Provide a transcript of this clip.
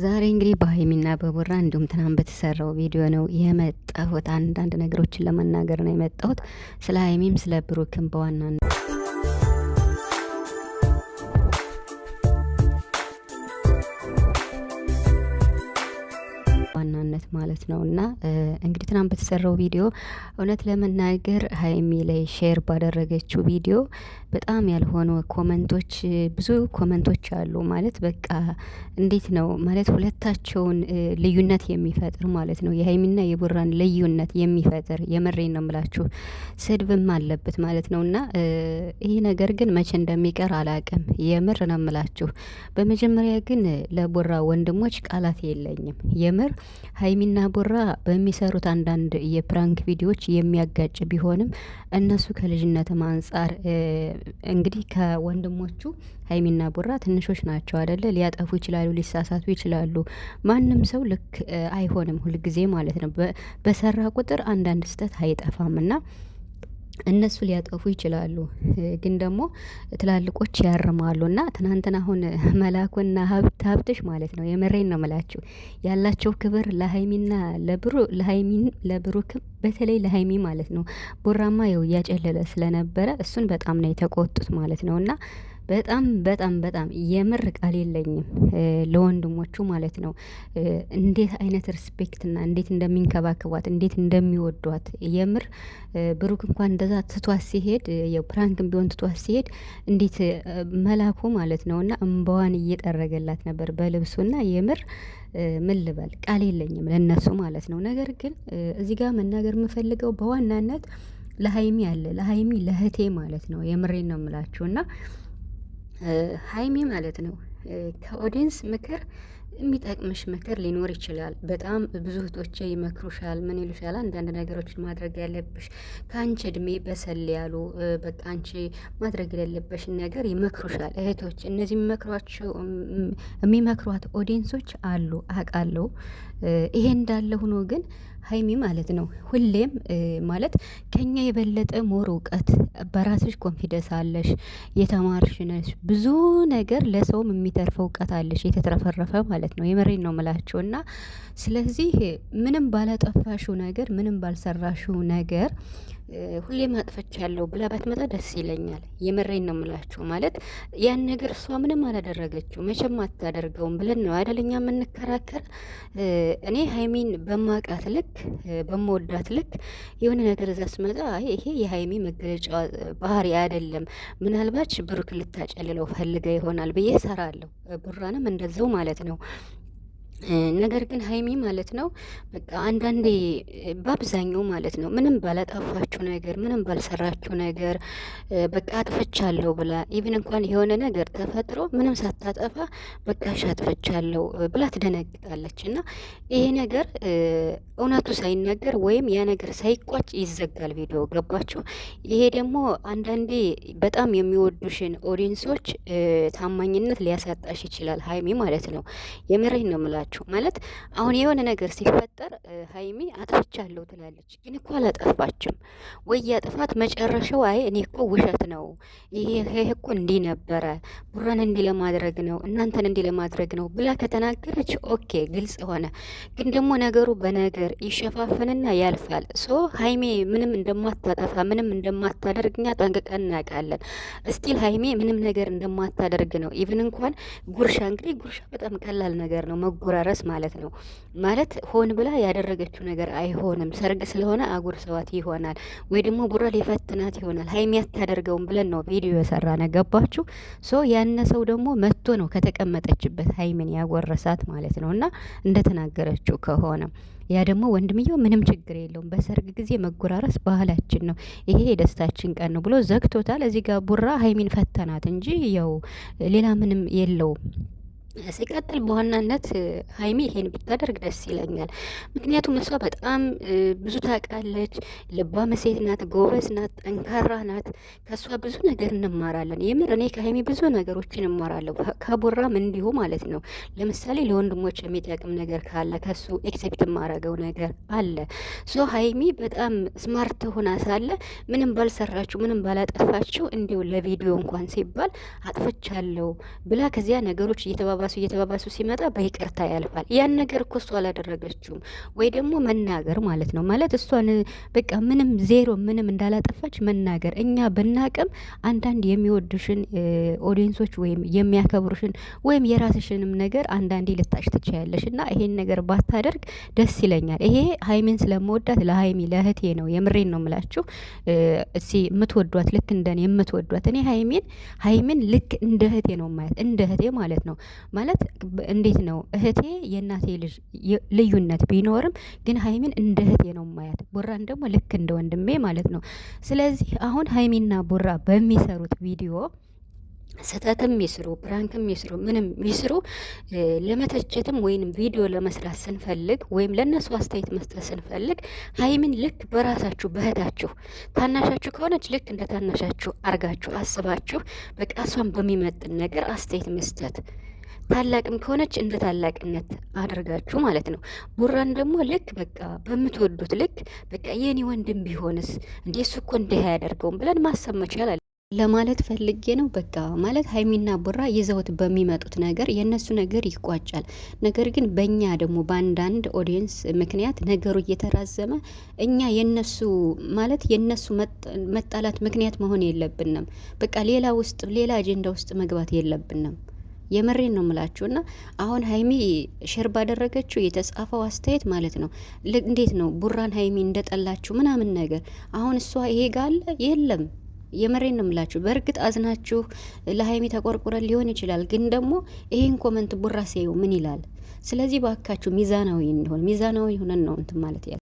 ዛሬ እንግዲህ በሀይሚና በቡራ እንዲሁም ትናንት በተሰራው ቪዲዮ ነው የመጣሁት። አንዳንድ ነገሮችን ለመናገር ነው የመጣሁት። ስለ ሀይሚም ስለ ብሩክም በዋናነት ማለት ነው። እና እንግዲህ ትናንት በተሰራው ቪዲዮ እውነት ለመናገር ሀይሚ ላይ ሼር ባደረገችው ቪዲዮ በጣም ያልሆኑ ኮመንቶች፣ ብዙ ኮመንቶች አሉ። ማለት በቃ እንዴት ነው ማለት ሁለታቸውን ልዩነት የሚፈጥር ማለት ነው የሀይሚና የቡራን ልዩነት የሚፈጥር የምሬ ነው ምላችሁ ስድብም አለበት ማለት ነው። እና ይህ ነገር ግን መቼ እንደሚቀር አላቅም። የምር ነው ምላችሁ በመጀመሪያ ግን ለቡራ ወንድሞች ቃላት የለኝም የምር ሀይሚ ሀይሚና ቡራ በሚሰሩት አንዳንድ የፕራንክ ቪዲዮዎች የሚያጋጭ ቢሆንም እነሱ ከልጅነትም አንጻር እንግዲህ ከወንድሞቹ ሀይሚና ቡራ ትንሾች ናቸው አደለ? ሊያጠፉ ይችላሉ፣ ሊሳሳቱ ይችላሉ። ማንም ሰው ልክ አይሆንም ሁልጊዜ ማለት ነው። በሰራ ቁጥር አንዳንድ ስህተት አይጠፋም እና እነሱ ሊያጠፉ ይችላሉ፣ ግን ደግሞ ትላልቆች ያርማሉ። እና ትናንትና አሁን መላኩና ሀብት ሀብትሽ ማለት ነው የመሬን ነው ምላችሁ ያላቸው ክብር ለሀይሚና ለብሩ ለሀይሚን ለብሩክም በተለይ ለሀይሚ ማለት ነው። ቦራማ ያው እያጨለለ ስለነበረ እሱን በጣም ነው የተቆጡት ማለት ነው እና በጣም በጣም በጣም የምር ቃል የለኝም ለወንድሞቹ ማለት ነው። እንዴት አይነት ሪስፔክትና እንዴት እንደሚንከባከቧት እንዴት እንደሚወዷት የምር ብሩክ እንኳን እንደዛ ትቷት ሲሄድ የፕራንክ ቢሆን ትቷት ሲሄድ እንዴት መላኩ ማለት ነውና እምባዋን እየጠረገላት ነበር በልብሱና የምር ምን ልበል ቃል የለኝም ለነሱ ማለት ነው። ነገር ግን እዚህ ጋር መናገር የምፈልገው በዋናነት ለሀይሚ አለ ለሀይሚ ለህቴ ማለት ነው የምሬን ነው እና ሀይሚ ማለት ነው ከኦዲንስ ምክር የሚጠቅምሽ ምክር ሊኖር ይችላል። በጣም ብዙ እህቶቼ ይመክሩሻል። ምን ይሉሻል? አንዳንድ ነገሮችን ማድረግ ያለብሽ ከአንቺ እድሜ በሰል ያሉ በቃ አንቺ ማድረግ የሌለበሽን ነገር ይመክሩሻል እህቶች። እነዚህ የሚመክሯቸው የሚመክሯት ኦዲየንሶች አሉ አውቃለሁ። ይሄ እንዳለ ሆኖ ግን ሀይሚ ማለት ነው ሁሌም ማለት ከኛ የበለጠ ሞር እውቀት በራስሽ ኮንፊደንስ አለሽ፣ የተማርሽ ነሽ፣ ብዙ ነገር ለሰውም የሚተርፈው እውቀት አለሽ የተትረፈረፈ ማለት ማለት ነው። የምሬን ነው ምላችሁ እና ስለዚህ ምንም ባላጠፋሽው ነገር ምንም ባልሰራሽው ነገር ሁሌም ያለው ብላ ባትመጣ ደስ ይለኛል። የምሬን ነው የምላችሁ። ማለት ያን ነገር እሷ ምንም አላደረገችው መቼም አታደርገውም ብለን ነው አይደለኛ የምንከራከር። እኔ ሀይሚን በማውቃት ልክ በመወዳት ልክ የሆነ ነገር እዛ ስመጣ ይሄ የሀይሚ መገለጫ ባህሪ አይደለም፣ ምናልባች ብሩክ ልታጨልለው ፈልገ ይሆናል ብዬ ሰራለሁ። ቡራንም እንደዛው ማለት ነው። ነገር ግን ሀይሚ ማለት ነው በቃ አንዳንዴ በአብዛኛው ማለት ነው ምንም ባላጠፋችሁ ነገር ምንም ባልሰራችሁ ነገር በቃ አጥፍቻለሁ ብላ ኢቭን እንኳን የሆነ ነገር ተፈጥሮ ምንም ሳታጠፋ በቃ እሺ አጥፍቻለሁ ብላ ትደነግጣለች። እና ይሄ ነገር እውነቱ ሳይነገር ወይም ያ ነገር ሳይቋጭ ይዘጋል ቪዲዮ። ገባችሁ? ይሄ ደግሞ አንዳንዴ በጣም የሚወዱሽን ኦዲንሶች ታማኝነት ሊያሳጣሽ ይችላል። ሀይሚ ማለት ነው የምሬን ነው ምላ ታውቃላችሁ። ማለት አሁን የሆነ ነገር ሲፈጠር ሀይሚ አጥፍቻለሁ ትላለች፣ ግን እኮ አላጠፋችም። ወይ ያጥፋት መጨረሻው አይ እኔ እኮ ውሸት ነው ይሄ እኮ እንዲህ ነበረ፣ ቡራን እንዲህ ለማድረግ ነው፣ እናንተን እንዲህ ለማድረግ ነው ብላ ከተናገረች ኦኬ፣ ግልጽ ሆነ። ግን ደግሞ ነገሩ በነገር ይሸፋፈንና ያልፋል። ሶ ሀይሜ ምንም እንደማታጠፋ ምንም እንደማታደርግ እኛ ጠንቅቀን እናውቃለን። እስቲል ሀይሜ ምንም ነገር እንደማታደርግ ነው ኢቭን እንኳን ጉርሻ እንግዲህ ጉርሻ በጣም ቀላል ነገር ነው መጎራ መጎራረስ ማለት ነው። ማለት ሆን ብላ ያደረገችው ነገር አይሆንም። ሰርግ ስለሆነ አጉርሰዋት ይሆናል ወይ ደግሞ ቡራ ሊፈትናት ይሆናል። ሀይሚ አታደርገውም ብለን ነው ቪዲዮ የሰራነ። ገባችሁ? ሶ ያነ ሰው ደግሞ መጥቶ ነው ከተቀመጠችበት ሀይሚን ያጎረሳት ማለት ነው። እና እንደተናገረችው ከሆነ ያ ደግሞ ወንድምየው ምንም ችግር የለውም፣ በሰርግ ጊዜ መጎራረስ ባህላችን ነው፣ ይሄ የደስታችን ቀን ነው ብሎ ዘግቶታል። እዚህ ጋር ቡራ ሀይሚን ፈተናት እንጂ ያው ሌላ ምንም የለውም። ሲቀጥል በዋናነት ሀይሚ ይሄን ብታደርግ ደስ ይለኛል። ምክንያቱም እሷ በጣም ብዙ ታውቃለች። ልባ መሴት ናት፣ ጎበዝ ናት፣ ጠንካራ ናት። ከእሷ ብዙ ነገር እንማራለን። የምር እኔ ከሀይሚ ብዙ ነገሮችን እማራለሁ፣ ከቡራም እንዲሁ ማለት ነው። ለምሳሌ ለወንድሞች የሚጠቅም ነገር ካለ ከሱ ኤክሴፕት የማረገው ነገር አለ። ሶ ሀይሚ በጣም ስማርት ሆና ሳለ ምንም ባልሰራችሁ፣ ምንም ባላጠፋችሁ እንዲሁ ለቪዲዮ እንኳን ሲባል አጥፍቻለሁ ብላ ከዚያ ነገሮች እየተባባ እየተባባሱ እየተባባሱ ሲመጣ በይቅርታ ያልፋል። ያን ነገር እኮ እሷ አላደረገችውም ወይ ደግሞ መናገር ማለት ነው ማለት እሷን በቃ ምንም ዜሮ ምንም እንዳላጠፋች መናገር። እኛ ብናቅም አንዳንድ የሚወዱሽን ኦዲየንሶች ወይም የሚያከብሩሽን ወይም የራስሽንም ነገር አንዳንዴ ልታሽ ትችያለሽ እና ይሄን ነገር ባታደርግ ደስ ይለኛል። ይሄ ሀይሚን ስለመወዳት ለሀይሚ ለእህቴ ነው የምሬን ነው ምላችሁ እ የምትወዷት ልክ እንደኔ የምትወዷት እኔ ሀይሜን ሀይሜን ልክ እንደ እህቴ ነው ማየት እንደ እህቴ ማለት ነው ማለት እንዴት ነው እህቴ የእናቴ ልጅ ልዩነት ቢኖርም ግን ሀይሚን እንደ እህቴ ነው ማያት፣ ቡራን ደግሞ ልክ እንደ ወንድሜ ማለት ነው። ስለዚህ አሁን ሀይሚና ቡራ በሚሰሩት ቪዲዮ ስህተትም ይስሩ ፕራንክም ይስሩ ምንም ይስሩ ለመተቸትም ወይም ቪዲዮ ለመስራት ስንፈልግ ወይም ለእነሱ አስተያየት መስጠት ስንፈልግ ሀይሚን ልክ በራሳችሁ በእህታችሁ ታናሻችሁ ከሆነች ልክ እንደ ታናሻችሁ አርጋችሁ አስባችሁ በቃ እሷን በሚመጥን ነገር አስተያየት መስጠት ታላቅም ከሆነች እንደ ታላቅነት አድርጋችሁ ማለት ነው። ቡራን ደግሞ ልክ በቃ በምትወዱት ልክ በቃ የኔ ወንድም ቢሆንስ እንዴ እሱ እኮ እንዲህ አያደርገውም ብለን ማሰብ መቻል አለ ለማለት ፈልጌ ነው። በቃ ማለት ሀይሚና ቡራ ይዘውት በሚመጡት ነገር የእነሱ ነገር ይቋጫል። ነገር ግን በእኛ ደግሞ በአንዳንድ ኦዲየንስ ምክንያት ነገሩ እየተራዘመ እኛ የነሱ ማለት የነሱ መጣላት ምክንያት መሆን የለብንም። በቃ ሌላ ውስጥ ሌላ አጀንዳ ውስጥ መግባት የለብንም። የምሬን ነው ምላችሁና አሁን ሀይሚ ሼር ባደረገችው የተጻፈው አስተያየት ማለት ነው። እንዴት ነው ቡራን ሀይሚ እንደጠላችሁ ምናምን ነገር አሁን እሷ ይሄ ጋለ የለም። የምሬን ነው ምላችሁ። በእርግጥ አዝናችሁ ለሀይሚ ተቆርቁረን ሊሆን ይችላል፣ ግን ደግሞ ይሄን ኮመንት ቡራ ሲየው ምን ይላል? ስለዚህ ባካችሁ ሚዛናዊ እንሆን፣ ሚዛናዊ ሆነን ነው እንትን ማለት ያለ